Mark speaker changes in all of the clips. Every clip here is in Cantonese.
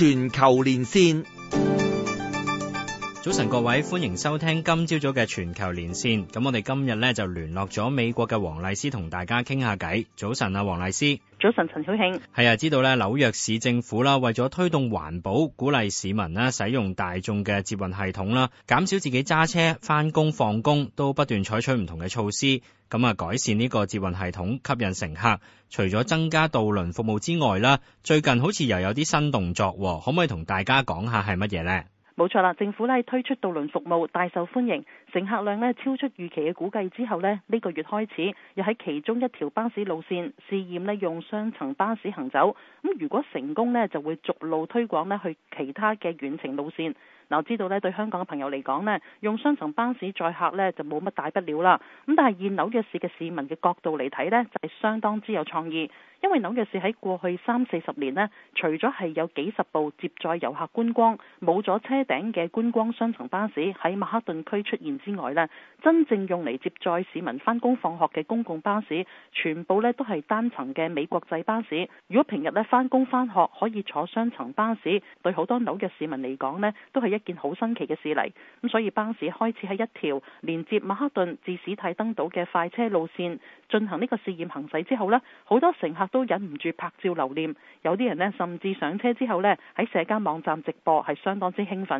Speaker 1: 全球連線早晨各位，歡迎收聽今朝早嘅全球連線。咁我哋今日咧就聯絡咗美國嘅黃麗施同大家傾下偈。早晨啊，黃麗施。
Speaker 2: 早晨，陳曉慶。
Speaker 1: 係啊，知道咧，紐約市政府啦，為咗推動環保，鼓勵市民啦使用大眾嘅捷運系統啦，減少自己揸車翻工放工，都不斷採取唔同嘅措施，咁啊改善呢個捷運系統，吸引乘客。除咗增加渡輪服務之外啦，最近好似又有啲新動作，可唔可以同大家講下係乜嘢呢？
Speaker 2: 冇錯啦，政府呢推出渡輪服務大受歡迎，乘客量呢超出預期嘅估計之後呢，呢、呢個月開始又喺其中一條巴士路線試驗呢用雙層巴士行走，咁如果成功呢，就會逐路推廣呢去其他嘅遠程路線。嗱，我知道呢，對香港嘅朋友嚟講呢，用雙層巴士載客呢就冇乜大不了啦。咁但係以紐約市嘅市民嘅角度嚟睇呢，就係、係、相當之有創意，因為紐約市喺過去三四十年呢，除咗係有幾十部接載遊客觀光，冇咗車頂嘅觀光雙層巴士喺馬克頓區出現之外呢，真正用嚟接載市民返工放學嘅公共巴士，全部呢都係單層嘅美國製巴士。如果平日呢翻工返學可以坐雙層巴士，對好多紐約市民嚟講呢都係一件好新奇嘅事嚟。咁所以巴士開始喺一條連接馬克頓至史泰登島嘅快車路線進行呢個試驗行駛之後呢，好多乘客都忍唔住拍照留念，有啲人呢，甚至上車之後呢，喺社交網站直播，係相當之興奮。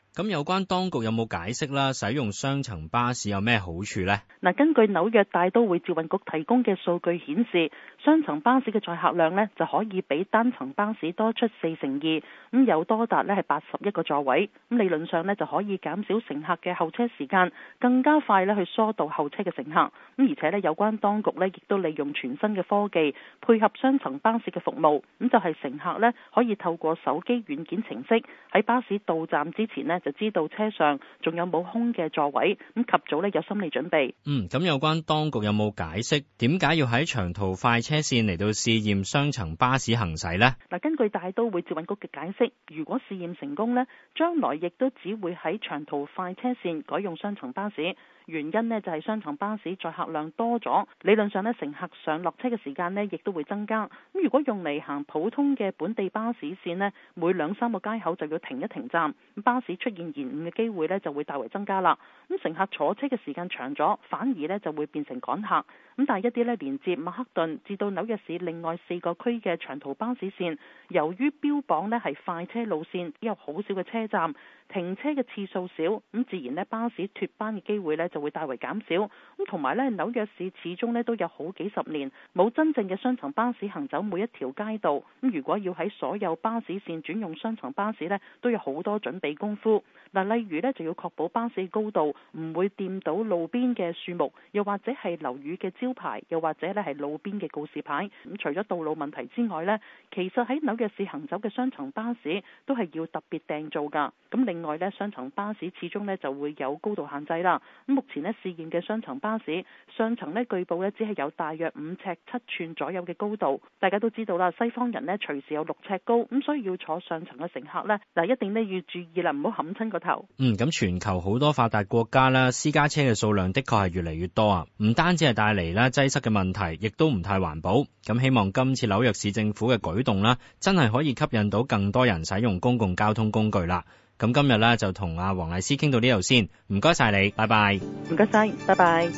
Speaker 1: 咁有關當局有冇解釋啦？使用雙層巴士有咩好處呢？
Speaker 2: 嗱，根據紐約大都會捷運局提供嘅數據顯示，雙層巴士嘅載客量呢就可以比單層巴士多出四成二，咁有多達呢係八十一個座位，咁理論上呢就可以減少乘客嘅候車時間，更加快呢去疏導候車嘅乘客，咁而且呢有關當局呢亦都利用全新嘅科技配合雙層巴士嘅服務，咁就係乘客呢可以透過手機軟件程式喺巴士到站之前呢。就知道車上仲有冇空嘅座位，咁及早咧有心理準備，
Speaker 1: 嗯，咁有關當局有冇解釋點解要喺長途快車線嚟到試驗雙層巴士行駛咧？
Speaker 2: 嗱，根據大都會捷運局嘅解釋，如果試驗成功咧，將來亦都只會喺長途快車線改用雙層巴士。原因咧就係雙層巴士載客量多咗，理論上咧乘客上落車嘅時間咧亦都會增加。咁如果用嚟行普通嘅本地巴士線咧，每兩三個街口就要停一停站，巴士出。現延誤嘅機會咧就會大為增加啦。咁乘客坐車嘅時間長咗，反而咧就會變成趕客。咁但係一啲咧連接曼哈頓至到紐約市另外四個區嘅長途巴士線，由於標榜咧係快車路線，有好少嘅車站停車嘅次數少，咁自然咧巴士脱班嘅機會咧就會大為減少。咁同埋咧紐約市始終咧都有好幾十年冇真正嘅雙層巴士行走每一條街道，咁如果要喺所有巴士線轉用雙層巴士咧，都有好多準備功夫。嗱，例如呢，就要確保巴士高度唔會掂到路邊嘅樹木，又或者係樓宇嘅招牌，又或者呢係路邊嘅告示牌。咁除咗道路問題之外呢，其實喺紐約市行走嘅雙層巴士都係要特別訂造㗎。咁另外呢，雙層巴士始終呢就會有高度限制啦。咁目前呢，試驗嘅雙層巴士上層呢，據報呢只係有大約五尺七吋左右嘅高度。大家都知道啦，西方人呢隨時有六尺高，咁所以要坐上層嘅乘客呢，嗱，一定呢要注意啦，唔好冚。個頭。
Speaker 1: 嗯，咁全球好多發達國家啦，私家車嘅數量的確係越嚟越多啊，唔單止係帶嚟啦擠塞嘅問題，亦都唔太環保。咁希望今次紐約市政府嘅舉動啦，真係可以吸引到更多人使用公共交通工具啦。咁今日咧就同阿黃麗施傾到呢度先，唔該晒你，拜拜。
Speaker 2: 唔該晒，拜拜。